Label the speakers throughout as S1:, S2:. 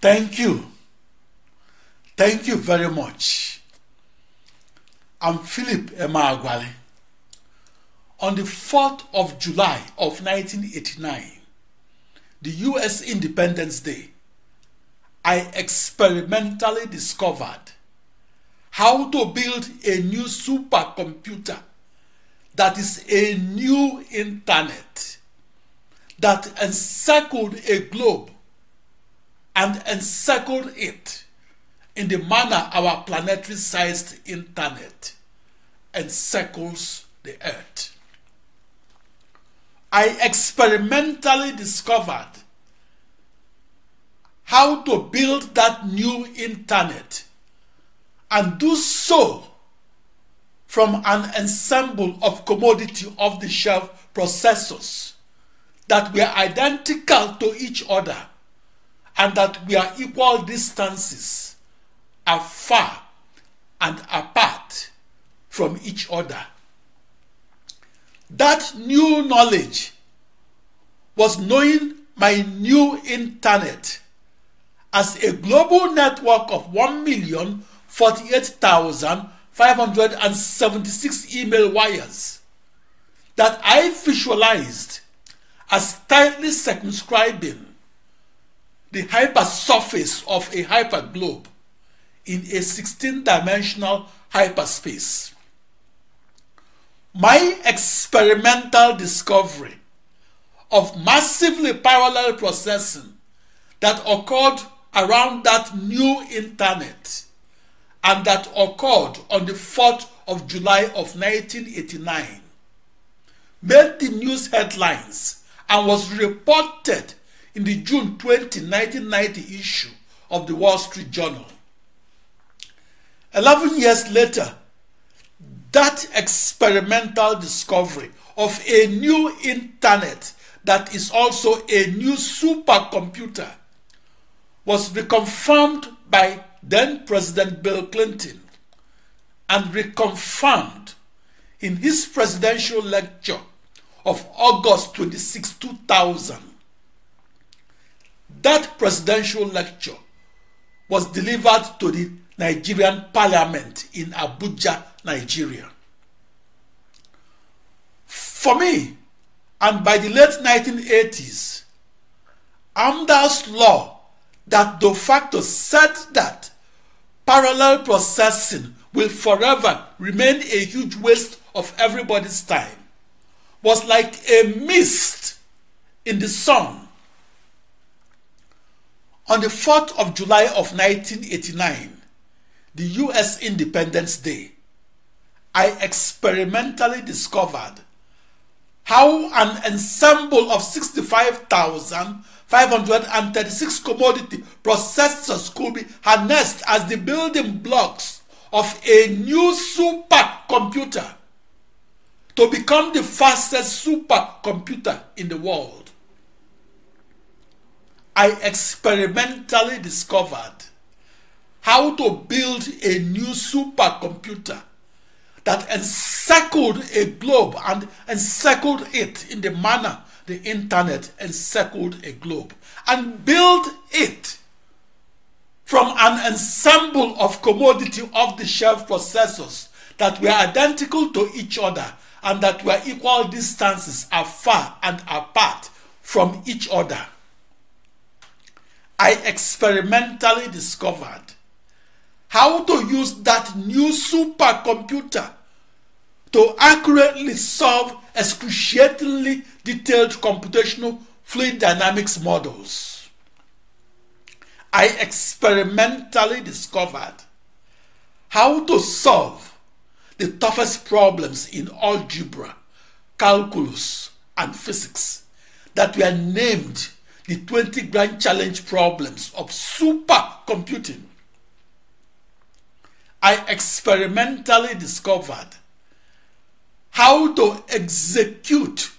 S1: Thank you. Thank you very much. I'm Philip Emma On the 4th of July of 1989, the U.S. Independence Day, I experimentally discovered how to build a new supercomputer that is a new internet that encircled a globe and encircled it in the manner our planetary sized internet encircles the earth. I experimentally discovered how to build that new internet and do so from an ensemble of commodity off the shelf processors that were identical to each other and that we are equal distances afar, and apart from each other. That new knowledge was knowing my new internet as a global network of 1,048,576 email wires that I visualized as tightly circumscribing the hypersurface of a hyperglobe in a 16-dimensional hyperspace. My experimental discovery of massively parallel processing that occurred around that new internet and that occurred on the 4th of July of 1989 made the news headlines and was reported in the June 20, 1990 issue of the Wall Street Journal. Eleven years later, that experimental discovery of a new internet that is also a new supercomputer was reconfirmed by then President Bill Clinton and reconfirmed in his presidential lecture of August 26, 2000. That presidential lecture was delivered to the Nigerian parliament in Abuja, Nigeria. For me, and by the late 1980s, Amdahl's law that de facto said that parallel processing will forever remain a huge waste of everybody's time was like a mist in the sun On the 4th of July of 1989, the US Independence Day, I experimentally discovered how an ensemble of 65,536 commodity processors could be harnessed as the building blocks of a new supercomputer to become the fastest supercomputer in the world. I experimentally discovered how to build a new supercomputer that encircled a globe and encircled it in the manner the internet encircled a globe and built it from an ensemble of commodity off-the-shelf processors that were identical to each other and that were equal distances afar and apart from each other I experimentally discovered how to use that new supercomputer to accurately solve excruciatingly detailed computational fluid dynamics models. I experimentally discovered how to solve the toughest problems in algebra, calculus, and physics that were named the 20 grand challenge problems of supercomputing, I experimentally discovered how to execute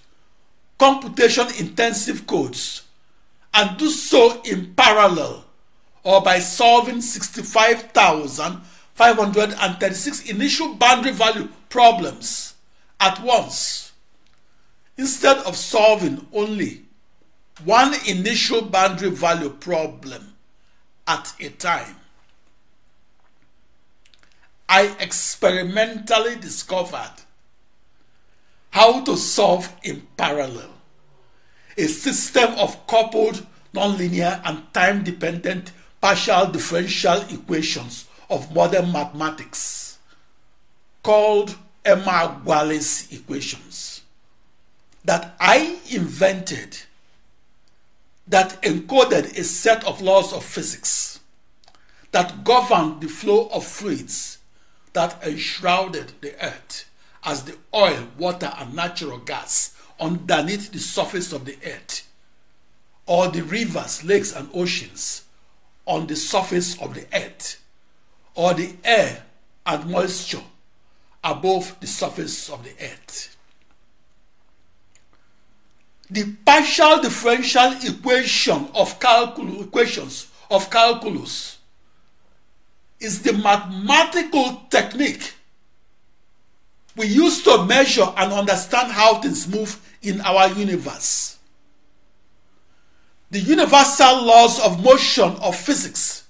S1: computation intensive codes and do so in parallel or by solving 65,536 initial boundary value problems at once instead of solving only one initial boundary value problem at a time. I experimentally discovered how to solve in parallel a system of coupled nonlinear and time dependent partial differential equations of modern mathematics called Emma Wallace equations that I invented that encoded a set of laws of physics that governed the flow of fluids that enshrouded the earth as the oil, water, and natural gas underneath the surface of the earth, or the rivers, lakes, and oceans on the surface of the earth, or the air and moisture above the surface of the earth the partial differential equation of calculus equations of calculus is the mathematical technique we use to measure and understand how things move in our universe. The universal laws of motion of physics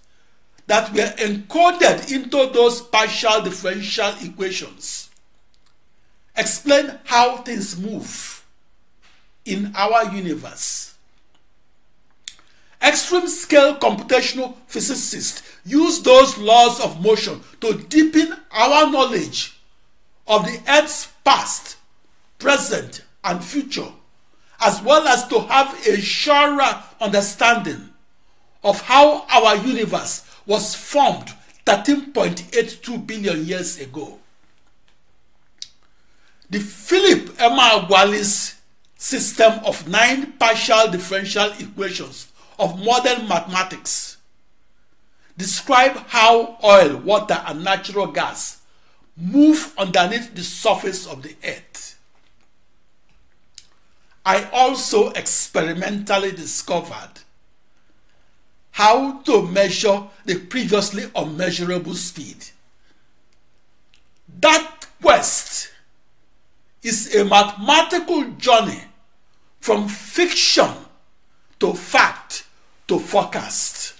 S1: that were encoded into those partial differential equations explain how things move. in our universe. Extreme scale computational physicists use those laws of motion to deepen our knowledge of the Earth's past, present, and future, as well as to have a surer understanding of how our universe was formed 13.82 billion years ago. The Philip Emma Wallis system of nine partial differential equations of modern mathematics describe how oil, water, and natural gas move underneath the surface of the earth. I also experimentally discovered how to measure the previously unmeasurable speed. That quest is a mathematical journey from fiction to fact to forecast.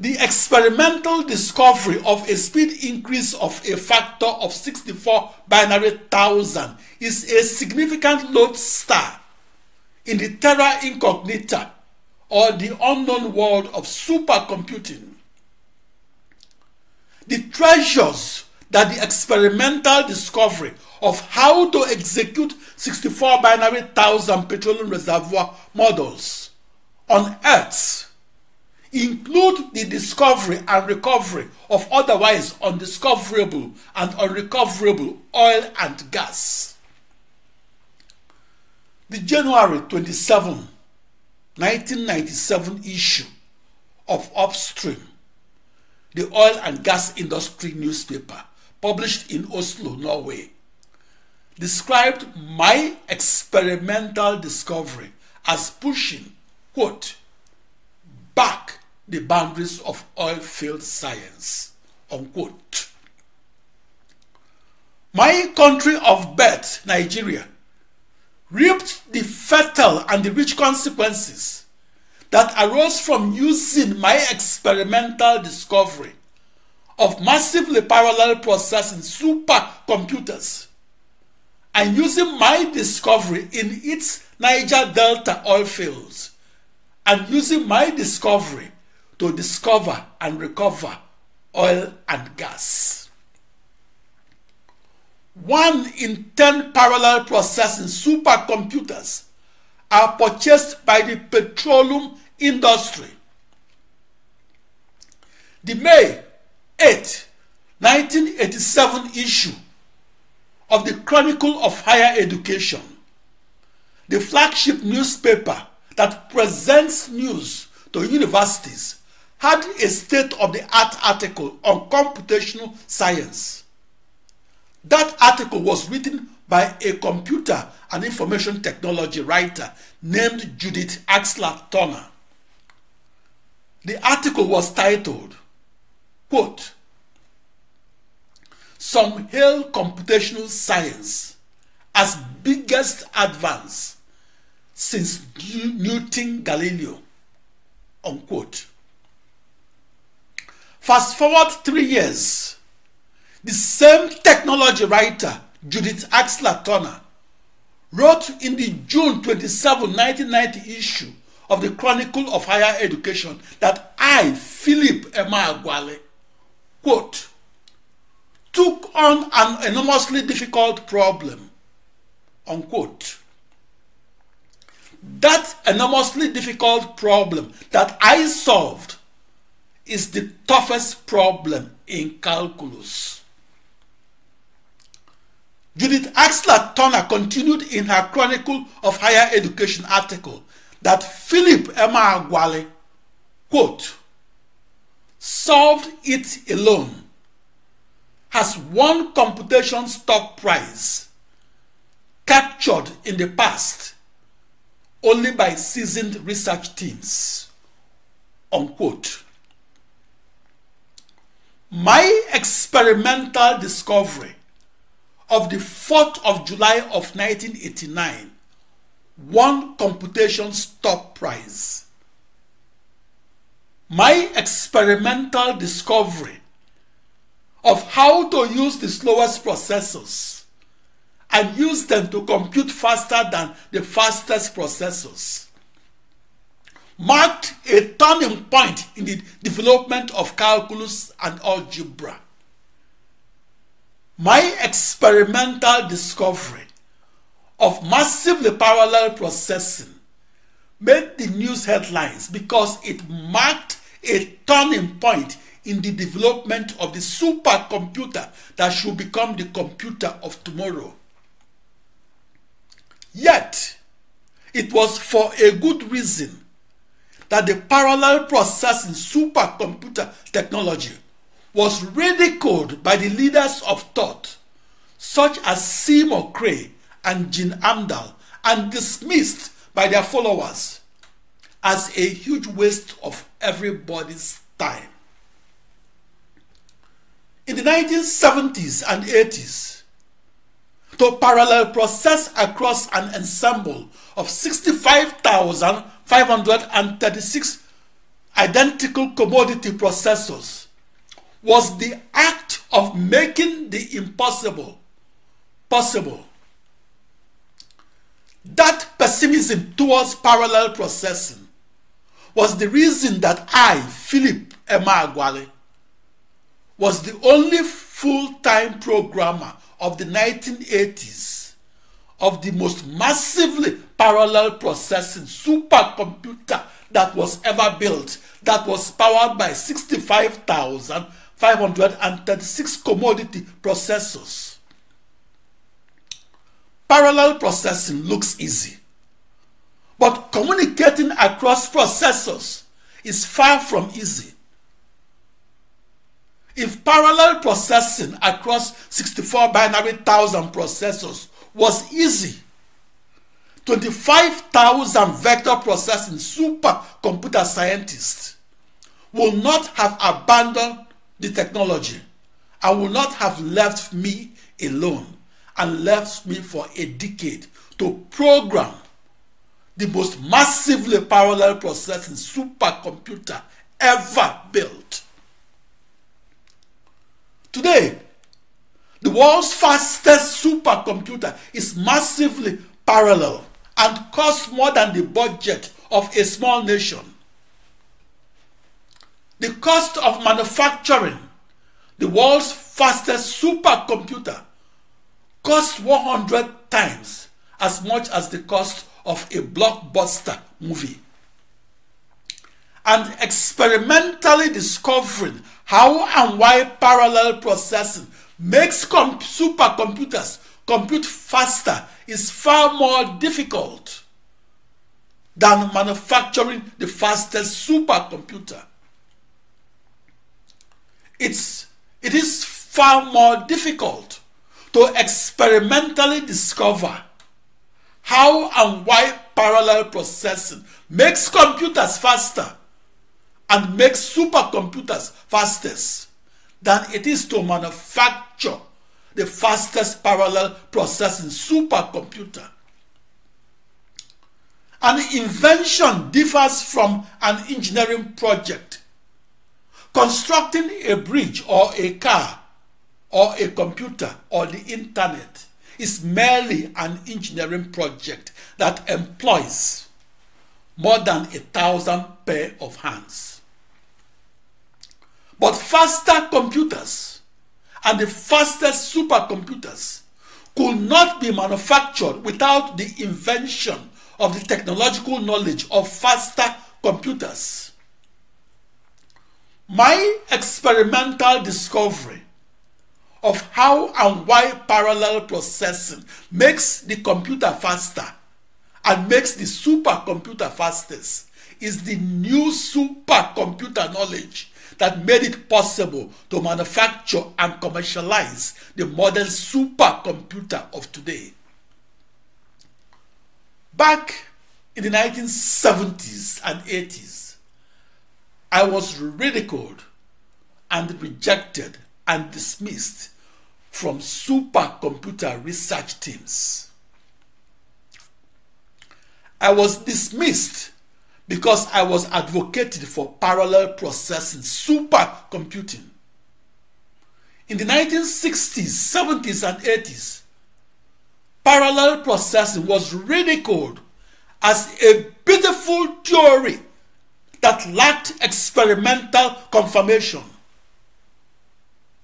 S1: The experimental discovery of a speed increase of a factor of 64 binary thousand is a significant lodestar in the terra incognita or the unknown world of supercomputing. The treasures that the experimental discovery of how to execute 64 binary thousand petroleum reservoir models on Earth include the discovery and recovery of otherwise undiscoverable and unrecoverable oil and gas. The January 27, 1997 issue of Upstream, the oil and gas industry newspaper published in Oslo, Norway, described my experimental discovery as pushing, quote, back the boundaries of oil field science, unquote. My country of birth, Nigeria, reaped the fatal and the rich consequences that arose from using my experimental discovery of massively parallel processing supercomputers and using my discovery in its Niger Delta oil fields, and using my discovery to discover and recover oil and gas. One in ten parallel processing supercomputers are purchased by the petroleum industry. The May 8, 1987 issue of the Chronicle of Higher Education, the flagship newspaper that presents news to universities, had a state of the art article on computational science. That article was written by a computer and information technology writer named Judith Axler Turner. The article was titled, quote, Some hail computational science as biggest advance since Newton Galileo. Unquote. Fast forward three years, the same technology writer Judith Axler Turner wrote in the June 27, 1990 issue of the Chronicle of Higher Education that I, Philip Emeagwali, quote, took on an enormously difficult problem. Unquote. That enormously difficult problem that I solved is the toughest problem in calculus. Judith Axler Turner continued in her Chronicle of Higher Education article that Philip Emma Agwali, quote, solved it alone has one computation stock price captured in the past only by seasoned research teams. Unquote. My experimental discovery of the 4th of July of 1989 one computation stock price. My experimental discovery of how to use the slowest processors and use them to compute faster than the fastest processors marked a turning point in the development of calculus and algebra. My experimental discovery of massively parallel processing made the news headlines because it marked a turning point in the development of the supercomputer that should become the computer of tomorrow. Yet, it was for a good reason that the parallel processing supercomputer technology was ridiculed by the leaders of thought such as Seymour Cray and Gene Amdahl and dismissed by their followers as a huge waste of everybody's time in the 1970s and 80s to parallel process across an ensemble of 65,536 identical commodity processors was the act of making the impossible possible. That pessimism towards parallel processing was the reason that I, Philip Emma Agwali, was the only full-time programmer of the 1980s of the most massively parallel processing supercomputer that was ever built that was powered by 65,536 commodity processors. Parallel processing looks easy, but communicating across processors is far from easy if parallel processing across 64 binary thousand processors was easy 25,000 vector processing supercomputer scientists will not have abandoned the technology and will not have left me alone and left me for a decade to program the most massively parallel processing supercomputer ever built. Today, the world's fastest supercomputer is massively parallel and costs more than the budget of a small nation. The cost of manufacturing the world's fastest supercomputer costs 100 times as much as the cost of a blockbuster movie and experimentally discovering how and why parallel processing makes supercomputers compute faster is far more difficult than manufacturing the fastest supercomputer. It's, it is far more difficult to experimentally discover how and why parallel processing makes computers faster and make supercomputers fastest than it is to manufacture the fastest parallel processing supercomputer. An invention differs from an engineering project. Constructing a bridge or a car or a computer or the internet is merely an engineering project that employs more than a thousand pair of hands. But faster computers and the fastest supercomputers could not be manufactured without the invention of the technological knowledge of faster computers. My experimental discovery of how and why parallel processing makes the computer faster and makes the supercomputer fastest is the new supercomputer knowledge that made it possible to manufacture and commercialize the modern supercomputer of today. Back in the 1970s and 80s, I was ridiculed and rejected and dismissed from supercomputer research teams. I was dismissed because I was advocated for parallel processing, supercomputing. In the 1960s, 70s, and 80s, parallel processing was ridiculed as a beautiful theory that lacked experimental confirmation.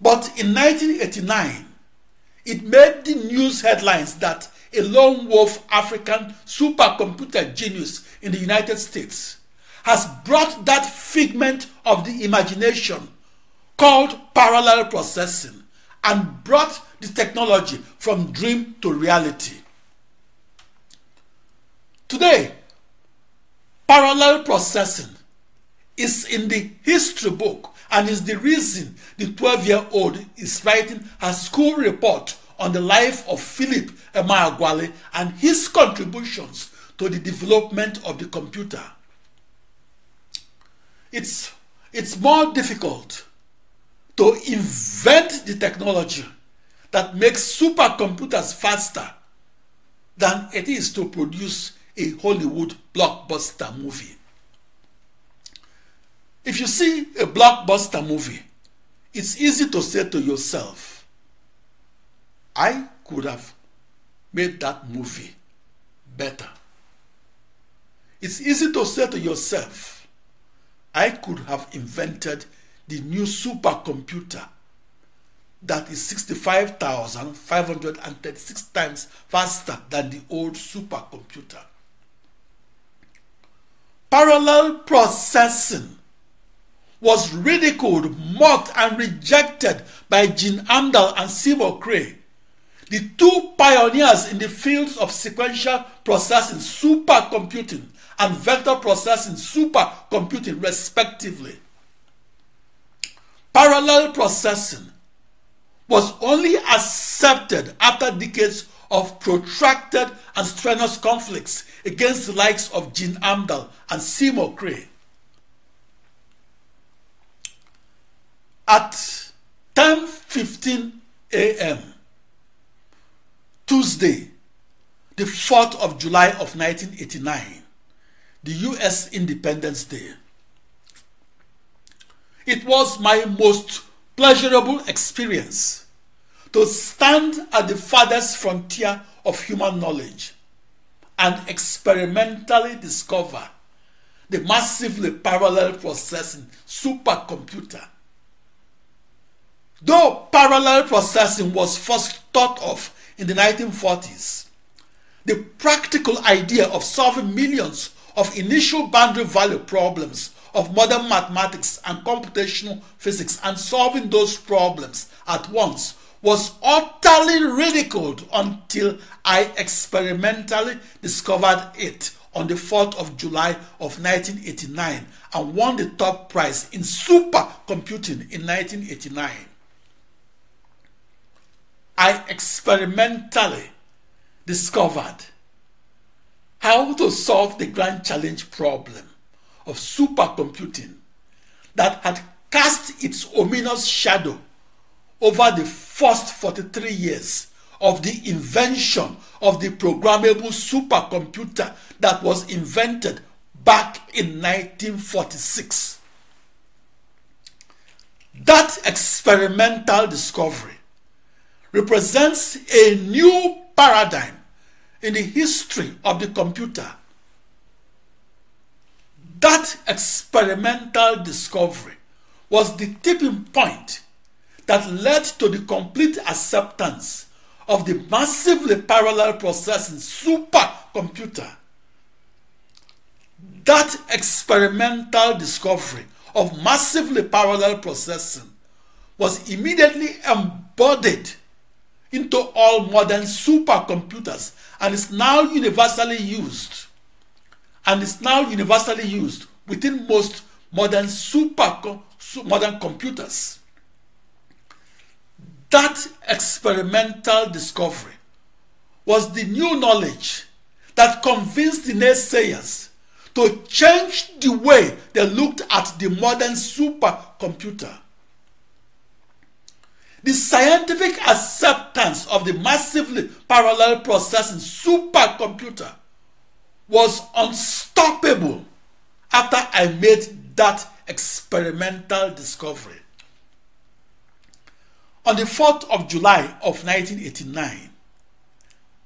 S1: But in 1989, it made the news headlines that a lone wolf African supercomputer genius in the United States has brought that figment of the imagination called parallel processing and brought the technology from dream to reality. Today, parallel processing is in the history book and is the reason the 12-year-old is writing her school report on the life of Philip Emeagwali and his contributions to the development of the computer. It's, it's more difficult to invent the technology that makes supercomputers faster than it is to produce a Hollywood blockbuster movie. If you see a blockbuster movie, it's easy to say to yourself, I could have made that movie better. It's easy to say to yourself, I could have invented the new supercomputer that is 65,536 times faster than the old supercomputer. Parallel processing was ridiculed, mocked, and rejected by Gene Amdahl and Seymour Cray, the two pioneers in the fields of sequential processing, supercomputing, and vector processing supercomputing respectively. Parallel processing was only accepted after decades of protracted and strenuous conflicts against the likes of Jean Amdahl and Seymour Cray. At 10:15 a.m. Tuesday, the 4th of July of 1989, the US Independence Day. It was my most pleasurable experience to stand at the farthest frontier of human knowledge and experimentally discover the massively parallel processing supercomputer. Though parallel processing was first thought of in the 1940s, the practical idea of solving millions of initial boundary value problems of modern mathematics and computational physics and solving those problems at once was utterly ridiculed until I experimentally discovered it on the 4th of July of 1989 and won the top prize in supercomputing in 1989. I experimentally discovered how to solve the grand challenge problem of supercomputing that had cast its ominous shadow over the first 43 years of the invention of the programmable supercomputer that was invented back in 1946. That experimental discovery represents a new paradigm in the history of the computer that experimental discovery was the tipping point that led to the complete acceptance of the massively parallel processing supercomputer. That experimental discovery of massively parallel processing was immediately embodied into all modern supercomputers and is now universally used and is now universally used within most modern super modern computers. That experimental discovery was the new knowledge that convinced the naysayers to change the way they looked at the modern super computer the scientific acceptance of the massively parallel processing supercomputer was unstoppable after I made that experimental discovery. On the 4th of July of 1989,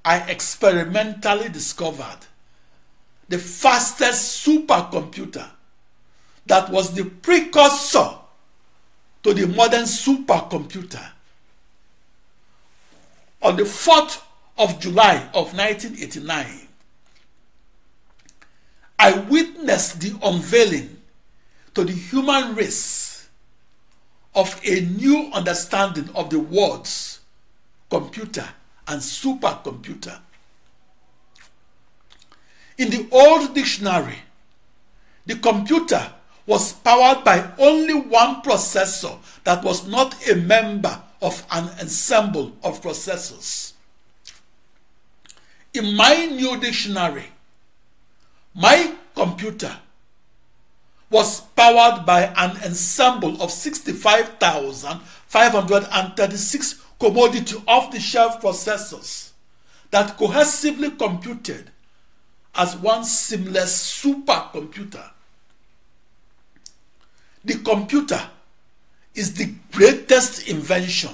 S1: I experimentally discovered the fastest supercomputer that was the precursor to the modern supercomputer. On the 4th of July of 1989, I witnessed the unveiling to the human race of a new understanding of the words computer and supercomputer. In the old dictionary, the computer was powered by only one processor that was not a member of an ensemble of processors. In my new dictionary, my computer was powered by an ensemble of 65,536 commodity off-the-shelf processors that cohesively computed as one seamless supercomputer The computer is the greatest invention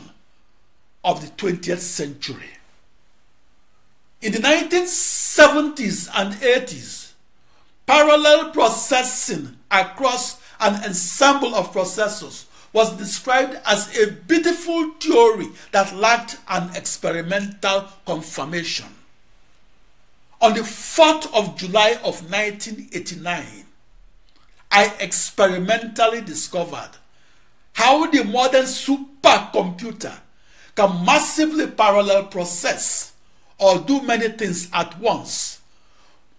S1: of the 20th century. In the 1970s and 80s, parallel processing across an ensemble of processors was described as a beautiful theory that lacked an experimental confirmation. On the 4th of July of 1989, I experimentally discovered how the modern supercomputer can massively parallel process or do many things at once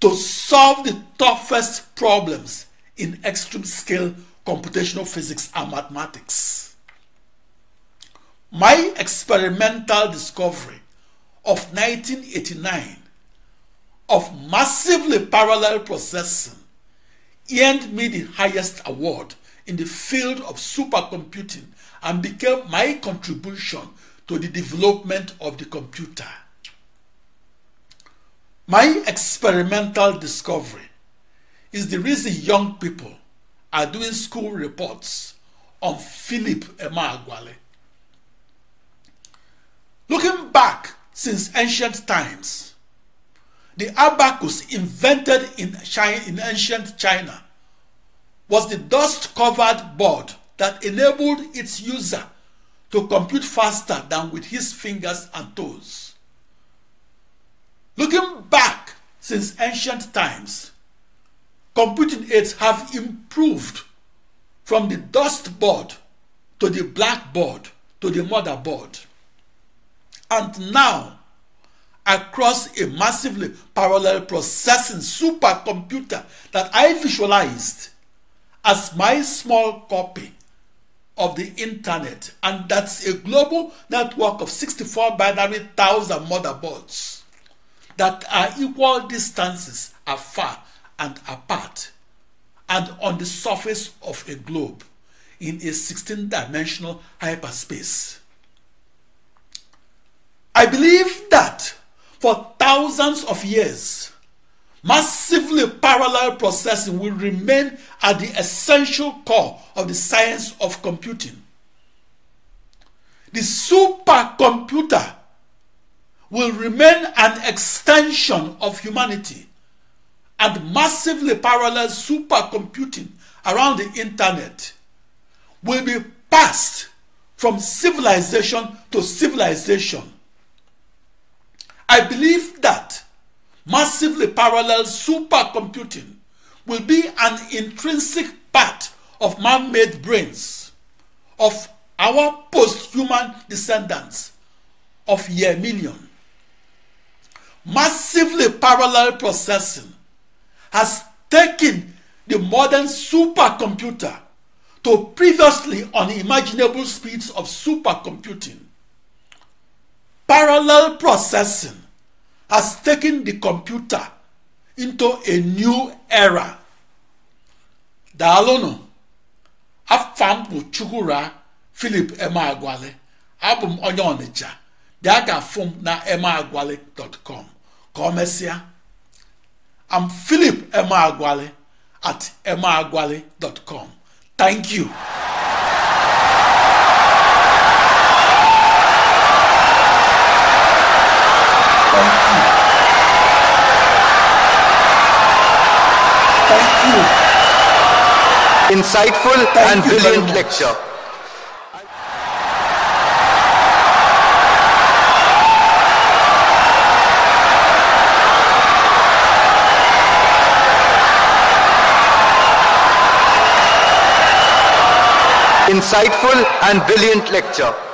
S1: to solve the toughest problems in extreme scale computational physics and mathematics. My experimental discovery of 1989 of massively parallel processing earned me the highest award in the field of supercomputing and became my contribution to the development of the computer. My experimental discovery is the reason young people are doing school reports on Philip Emeagwali. Looking back since ancient times, the abacus invented in, China, in ancient China was the dust-covered board that enabled its user to compute faster than with his fingers and toes. Looking back since ancient times, computing aids have improved from the dust board to the blackboard to the motherboard. And now, across a massively parallel processing supercomputer that I visualized as my small copy of the internet and that's a global network of 64 binary thousand motherboards that are equal distances afar and apart and on the surface of a globe in a 16-dimensional hyperspace. I believe that for thousands of years, massively parallel processing will remain at the essential core of the science of computing. The supercomputer will remain an extension of humanity and massively parallel supercomputing around the internet will be passed from civilization to civilization I believe that massively parallel supercomputing will be an intrinsic part of man-made brains of our post-human descendants of year million. Massively parallel processing has taken the modern supercomputer to previously unimaginable speeds of supercomputing parallel processing has taken the computer into a new era. daalụnụ afam bụ chukwura philip emeagwali abụ m onye ọnịcha bịa ga fụ m na emeagwali.com ka ọ mesịa I'm philip Emma emeagwali at emeagwali.com thank you. insightful Thank and brilliant lecture. insightful and brilliant lecture.